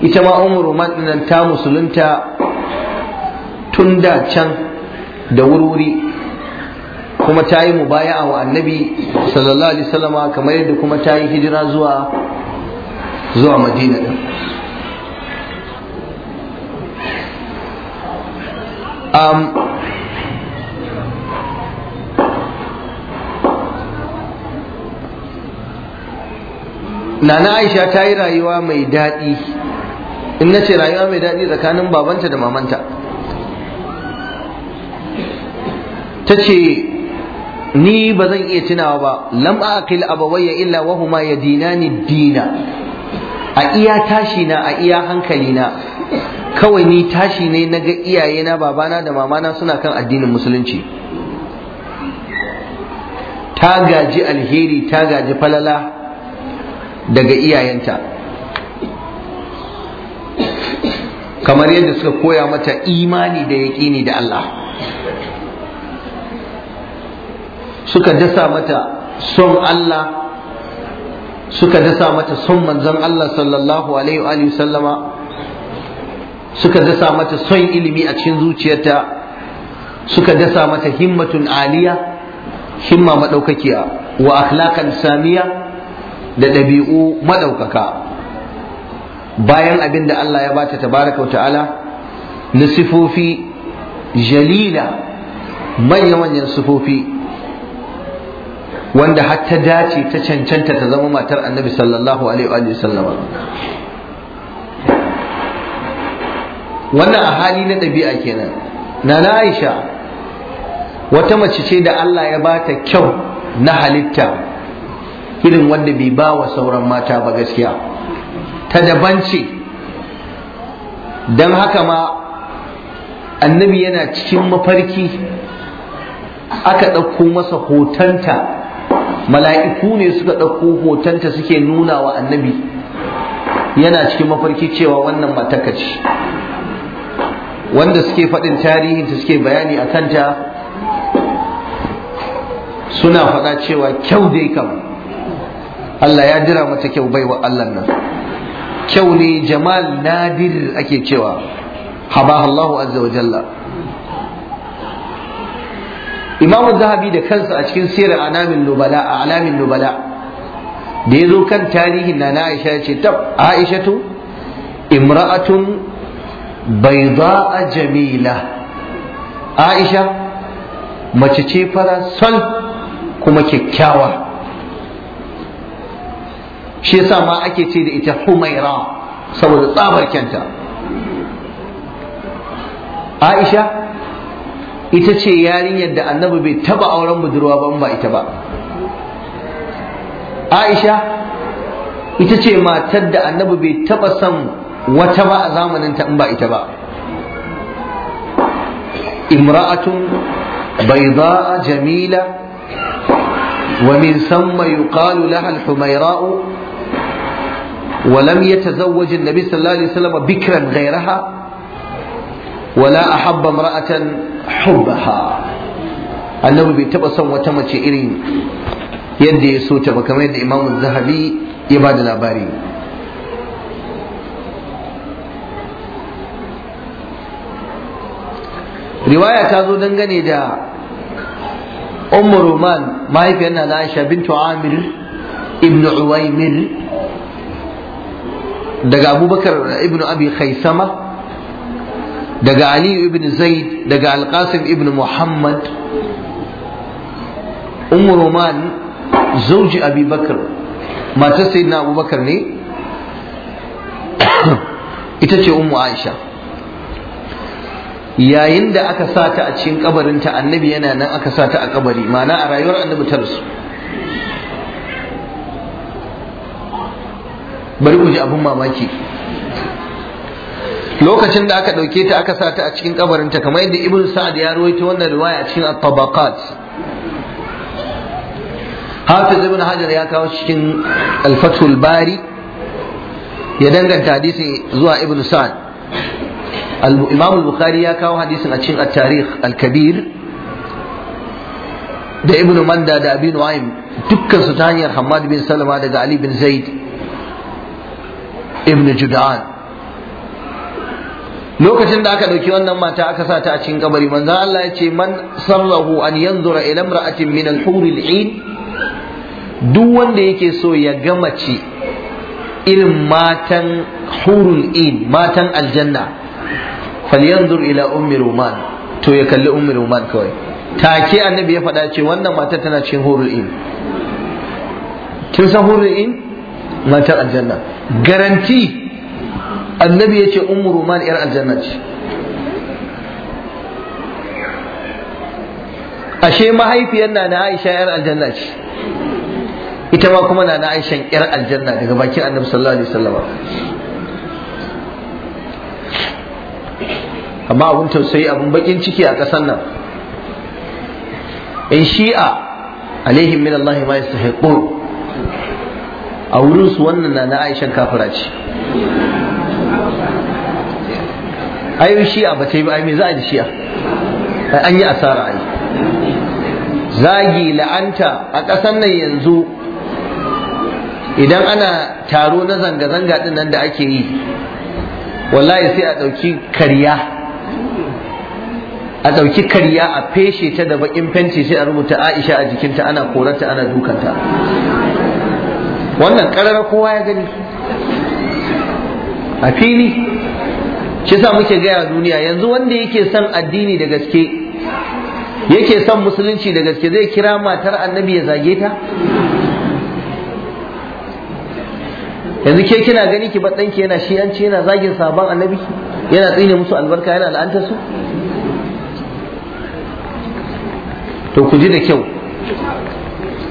ita ma umaru nan ta musulunta tun da can da wurwuri kuma ta yi mubaya'a wa annabi sallallahu alaihi wasallama kamar yadda kuma ta yi hijira zuwa zuwa madina din um, nana aisha ta yi rayuwa mai daɗi in na ce rayuwa mai daɗi tsakanin babanta da mamanta ta ce ni ba zan iya tunawa ba lam aqil abawayya illa ya dina ni dina a iya tashi na a iya hankali na kawai ni tashi ne na ga iyayena babana da mamana suna kan addinin musulunci ta gaji alheri ta gaji falala daga iyayenta kamar yadda suka koya mata imani da yaƙini da Allah suka dasa mata son Allah suka dasa mata son manzon Allah sallallahu alaihi sallama suka dasa mata son ilimi a cikin zuciyarta suka dasa mata himmatun aliya himma maɗaukakiya wa akhlaqan samiya da ɗabi'u maɗaukaka bayan abin da Allah ya bata tabaraka ta'ala na sifofi jalila manya-manyan sifofi wanda har ta dace ta cancanta ta zama matar annabi sallallahu alaihi wannan a hali na ɗabi'a kenan na na aisha wata mace ce da Allah ya bata kyau na halitta irin wanda bai ba wa sauran mata ba gaskiya ta daban ce don haka ma annabi yana cikin mafarki aka ɗauko masa hotonta mala'iku ne suka ɗauko hotonta suke nuna wa annabi yana cikin mafarki cewa wannan mataka ce wanda suke faɗin tarihin ta suke bayani a kanta suna faɗa cewa kyau dai kam Allah ya jira mata kyau baiwa Allah nan kyau ne jamal nadir ake cewa haba Allahu azza wa jalla Imam Zahabi da kansa a cikin sirar alamin nubala a alamin nubala da ya zo kan tarihin na na Aisha ce tab Aishatu imra'atun bayda'a jamila Aisha mace ce fara son kuma kyakkyawa shi yasa ma ake ce da ita humaira saboda tsabar kyanta aisha ita ce yarinyar da annabi bai taba auren budurwa ba ba ita ba aisha ita ce matar da annabi bai taba son wata ba a zamaninta in ba ita ba imra'atun بيضاء جميلة ومن ثم يقال لها الحميراء ولم يتزوج النبي صلى الله عليه وسلم بكرا غيرها ولا أحب امرأة حبها annabi bai taba son wata mace irin yadda ya so ta ba kamar yadda imamu zahabi ya ba da labari riwaya ta zo dangane da ummu roman mahaifiyar na aisha bintu amir ibn uwaimir daga abubakar ibn abi khaisama daga aliyu ibn zaid daga alqasim ibn muhammad umar roman zauji abi bakar matar sayyidina abubakar ne ita ce ummu aisha yayin da aka sata a cikin kabarinta annabi yana nan aka sata a kabari ma'ana a rayuwar annabi ta rasu bari ku ji abin mamaki lokacin da aka ɗauke ta aka sata a cikin kabarinta kamar yadda ibn sa'ad ya ruwaito wannan riwaya a cikin at-tabaqat hafiz ibn hajar ya kawo cikin al-fathul bari ya danganta hadisin zuwa ibn sa'ad imam al-bukhari ya kawo hadisin a cikin at-tarikh al-kabir da ibn manda da abin wa'im dukkan su ta hanyar hamad bin salama daga ali bin zaid ibn Jud'an lokacin da aka ɗauki wannan mata aka sa ta a cikin kabari manzo Allah ya ce man sarrahu an yanzura ila imra'atin min al-hur al-'ain duk wanda yake so ya ga mace irin matan al in matan aljanna falyanzur ila ummi ruman to ya kalli ummi ruman kawai take annabi ya faɗa ce wannan matar tana cikin al in kin san al in matan aljanna garanti annabi ya ce ummu ruman yar aljanna ce ashe mahaifiyar na na aisha yar aljanna ce ita ma kuma na na aisha yar aljanna daga bakin annabi sallallahu alaihi wasallam amma abun tausayi abun bakin ciki a ƙasar nan in shi'a alaihim min Allah ma yastahiqun a wurin su wannan na Aishan kafira ce ai shi'a ba ta yi ba ai me za a ji shi'a an yi asara ai zagi la'anta a ƙasar nan yanzu idan ana taro na zanga-zanga din nan da ake yi wallahi sai a ɗauki karya a ɗauki karya a feshe ta da baƙin fenti sai a rubuta aisha a jikinta ana korarta ana dukanta wannan karara kowa ya gani a fili shi sa muke gaya duniya yanzu wanda yake son addini da gaske yake son musulunci da gaske zai kira matar annabi ya zage ta yanzu ke kina gani ki baɗanki yana shi'anci yana zagin sabon annabi yana tsine musu albarka yana al'anta su to ku ji da kyau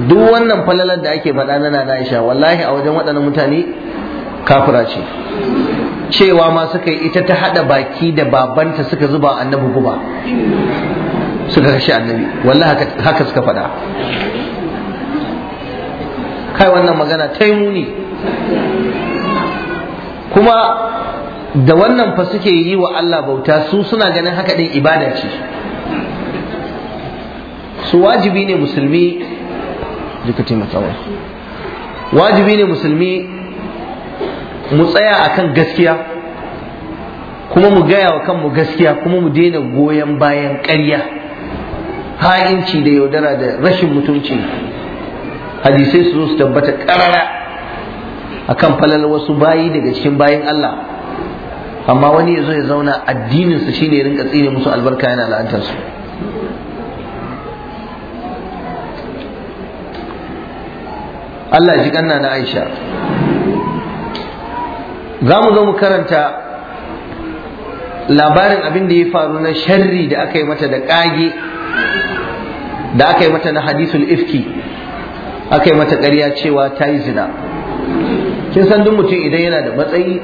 duk wannan falalar da ake faɗa na na Aisha wallahi a wajen waɗannan mutane kafura ce cewa ma suka yi ita ta haɗa baki da babanta suka zuba annabi guba suka kashe annabi wallahi haka suka faɗa kai wannan magana ta yi muni kuma da wannan fa suke yi wa Allah bauta su suna ganin haka ɗin ibada ce su wajibi ne musulmi duka taimakawa wajibi ne musulmi mu tsaya akan gaskiya kuma mu gaya wa kanmu gaskiya kuma mu daina goyon bayan karya. ha'inci da yaudara da rashin mutunci hadisai su su tabbata ƙarara akan falal wasu bayi daga cikin bayan Allah amma wani ya zo ya zauna addininsa shine rinka tsine musu albarka yana la'antarsu Allah ji kanna na Aisha za mu zo mu karanta labarin abin da ya faru na sharri da aka yi mata da ƙage da aka yi mata na hadisul ifki aka yi mata ƙarya cewa ta yi zina kin san duk mutum idan yana da matsayi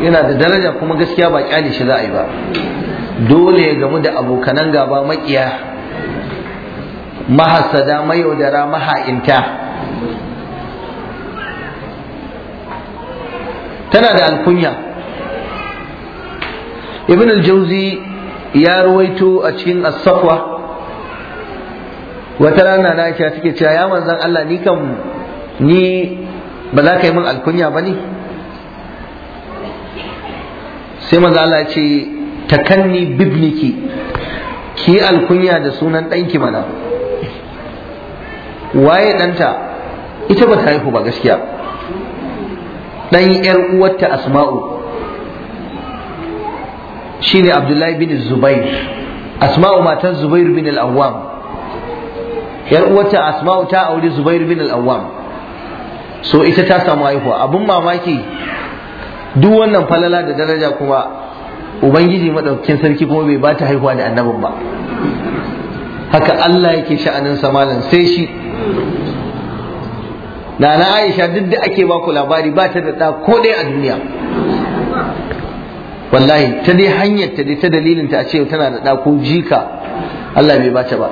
yana da daraja kuma gaskiya ba ƙyale shi za a yi ba dole ya gamu da abokanan gaba makiya mahasada mayaudara maha'inta tana da alkunya ibn al-jauzi ya ruwaito a cikin as-safwa wata rana na ta take cewa ya manzon Allah ni kan ni ba za ka yi min alkunya ba ne sai manzon Allah ya ce takanni bibniki ki alkunya da sunan ɗanki mana waye ɗanta ita ba ta haihu ba gaskiya ɗan ‘yar uwarta asma'u shi ne abdullahi bin zubair asma'u matan zubair bin al'awwam ‘yar uwarta asma'u ta auri zubair bin Al-Awwam, so ita ta samu haihuwa abun mamaki duk wannan falala da daraja kuma ubangiji maɗaukin sarki kuma bai bata haihuwa da annabin ba haka Allah yake sha'anin samalan sai shi na aisha duk da ake baku labari ba ta da ko ɗaya a duniya wallahi ta dai hanyar ta dai ta dalilin ta a ce tana da ɗa jika Allah bai bata ba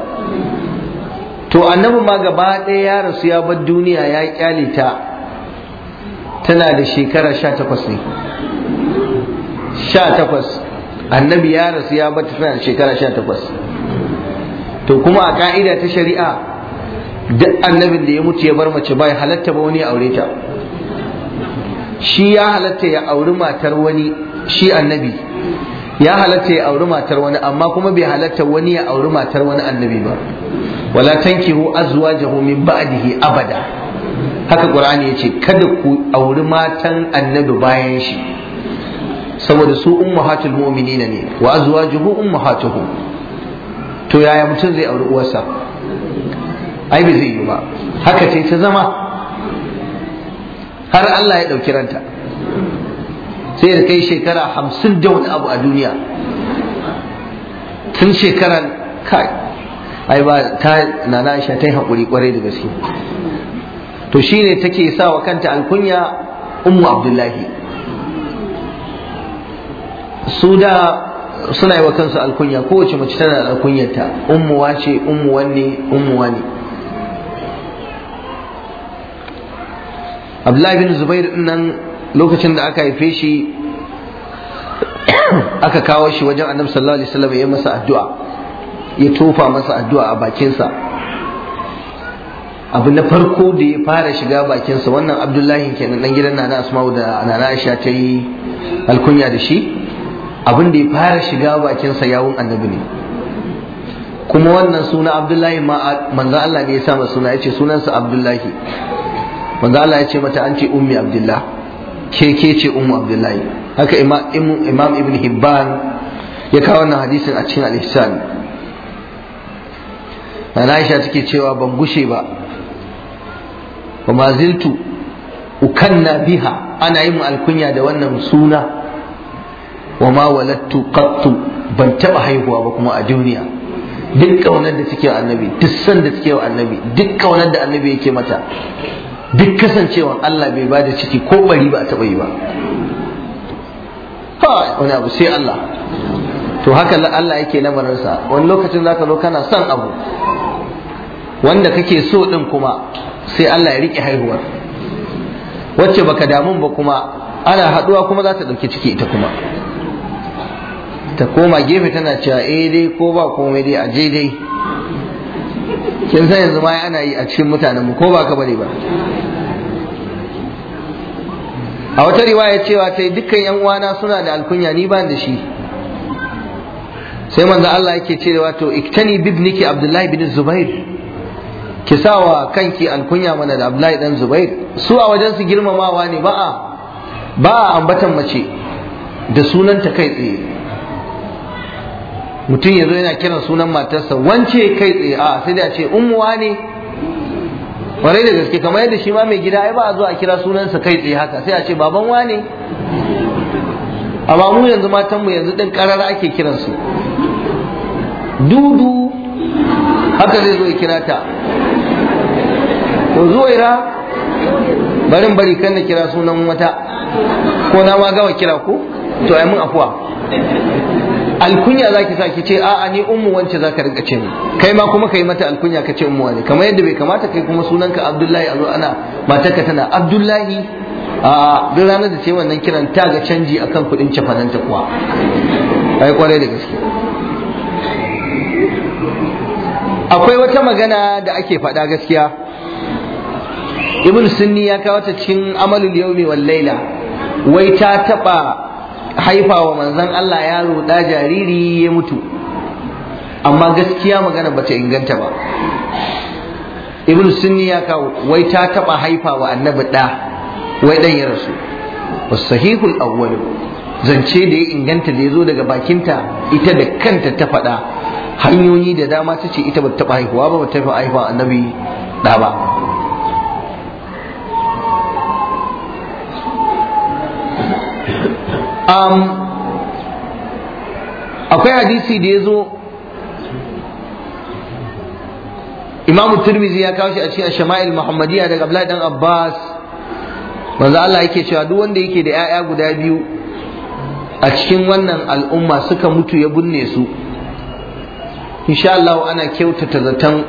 to annabi ma gaba ɗaya ya rasu ya bar duniya ya kyale ta tana da shekara sha takwas ne sha takwas annabi ya rasu ya bar ta tana da shekara sha takwas to kuma a ka'ida ta shari'a duk annabin da ya mutu ya bar mace bai halatta ba wani ya aure ta shi ya halatta ya auri matar wani shi annabi ya halatta ya auri matar wani amma kuma bai halatta wani ya auri matar wani annabi ba wala tankihu azwajahu min ba'dihi abada haka qur'ani yace kada ku auri matan annabi bayan shi saboda su ummahatul mu'minina ne wa azwajuhu ummahatuhum to yaya mutum zai auri uwarsa ai ba zai yi ba haka ce ta zama har Allah ya ɗauki ranta sai da kai shekara hamsin da wani abu a duniya tun shekaran kai ai ba ta nana Aisha ta yi haƙuri kwarai da gaske to shine take sa wa kanta alkunya ummu abdullahi su da suna yi wa kansu alkunya kowace mace tana da alkunyarta ummuwa ce ummuwan ne ummuwa ne abdullahi bin zubair din nan lokacin da aka haife shi aka kawo shi wajen annabi sallallahu alaihi wasallam ya masa addu'a ya tofa masa addu'a a bakinsa abu na farko da ya fara shiga bakinsa wannan abdullahi kenan dan gidan nana asma'u da nana aisha ta yi alkunya da shi abin da ya fara shiga bakinsa yawun annabi ne kuma wannan suna abdullahi ma manzo Allah ne ya sa masa suna yace sunansa abdullahi manzo Allah ya ce mata anti ummi abdullah ke ke ce ummu abdullahi haka imam ibn hibban ya kawo wannan hadisin a cikin al-ihsan na Aisha take cewa ban gushe ba wa ma ziltu ukanna biha ana yin alkunya da wannan suna wa ma walattu qattu ban taba haihuwa ba kuma a duniya duk kaunar da suke wa annabi duk san da annabi duk kaunar da annabi yake mata duk kasancewan Allah bai ba da ciki ko bari ba a taɓa yi ba ha wani abu sai Allah to haka Allah yake lamarinsa wani lokacin za ka zo kana son abu wanda kake so din kuma sai Allah ya riƙe haihuwar wacce baka damun ba kuma ana haduwa kuma za ta dauki ciki ita kuma ta koma gefe tana cewa eh dai ko ba komai dai a je dai kin san yanzu ma ana yi a cikin mutanen mu ko ba ka bari ba a wata riwaya cewa ta dukkan yan uwana suna da alkunya ni ban da shi sai manzo Allah yake cewa to iktani bibniki Abdullahi bin Zubair ki wa kanki alkunya mana da Abdullahi dan Zubair su a wajen su girmamawa ne ba a ambatan mace da sunanta kai tsaye mutum yazo yana kiran sunan matarsa wance kai tsaye a sai da ce ummuwa ne kwarai da gaske kamar yadda shi ma mai gida ai ba a zo a kira sunansa kai tsaye haka sai a ce baban wane amma mu yanzu mu yanzu din karara ake kiransu dudu haka zai zo ya kira ta to zuwaira barin bari kanna kira sunan wata ko na ma gawa kira ko to ai mun afuwa alkunya zaki sa ki ce a'a ni ummu wance zaka rinka ce kai ma kuma kai mata alkunya ka ce ummu wani kamar yadda bai kamata kai kuma sunanka Abdullahi a zo ana matarka tana Abdullahi a ranar da ce wannan kiran ta ga canji akan kudin cefananta kuwa ai kwarai da gaske akwai wata magana da ake faɗa gaskiya ibn sunni ya kawo ta cikin amalul yawmi wal laila wai ta taɓa? haifa wa manzon Allah yaro da jariri ya mutu amma gaskiya magana bata inganta ba ibn sunni ya kawo wai ta taba haifa wa annabi da wai dan ya rasu sahihul awwal zance da ya inganta da ya zo daga bakinta ita da kanta ta faɗa hanyoyi da dama ta ce ita ba ta taɓa haihuwa ba ba ta haifa annabi ɗa ba Um, akwai hadisi da ya zo imamu turmizi ya kawo shi a cikin shama'il muhammadiyya daga abdullahi dan abbas manzo Allah yake cewa duk wanda yake da 'ya'ya guda biyu a cikin wannan al'umma suka mutu ya binne su insha Allah ana kyautata zaton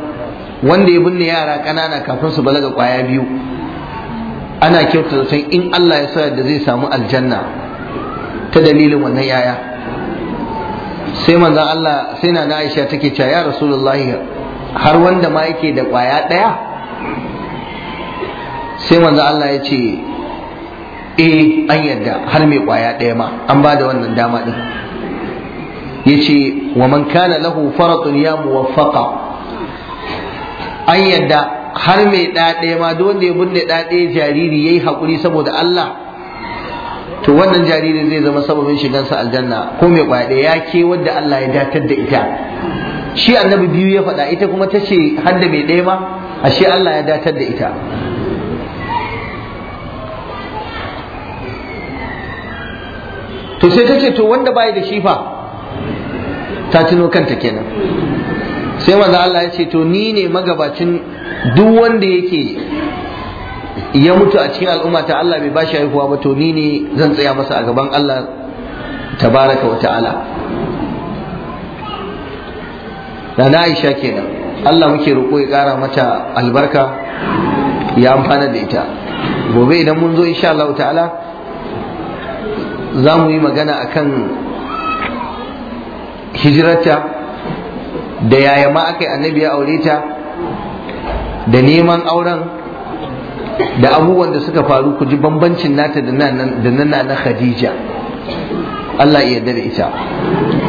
wanda ya binne yara ƙanana kafin su balaga ƙwaya biyu ana kyautata zaton in Allah ya sa da zai samu aljanna ta dalilin wannan yaya sai manzon Allah sai na Aisha take cewa ya Rasulullahi har wanda ma yake da kwaya daya sai manzon Allah ya ce eh an yadda har mai kwaya daya ma an ba da wannan dama din ce wa man kana lahu faratun ya muwaffaqa an yadda har mai ɗaɗe ma dole ya binne ɗaɗe jariri yayi hakuri saboda Allah to wannan jaririn zai zama sababin shigansa aljanna ko mai kwaya ya ke wadda Allah ya datar da ita shi annabi biyu ya faɗa ita kuma ta ce hadda mai ɗaya ma ashe Allah ya datar da ita to sai ta ce to wanda bai da shi fa ta tuno kanta kenan sai manzo Allah ya ce to ni ne magabacin duk wanda yake ya mutu a cikin al'umma ta Allah bai bashi haihuwa ba to ni ne zan tsaya masa a gaban Allah tabaraka wa ta'ala da na Aisha kenan Allah muke roƙo ya ƙara mata albarka ya amfana da ita gobe idan mun zo insha Allah ta'ala za mu yi magana akan hijirarta da yaya ma aka yi annabi ya aure ta da neman auren da abubuwan da suka faru ku ji bambancin nata da nan na Khadija Allah ya yarda ita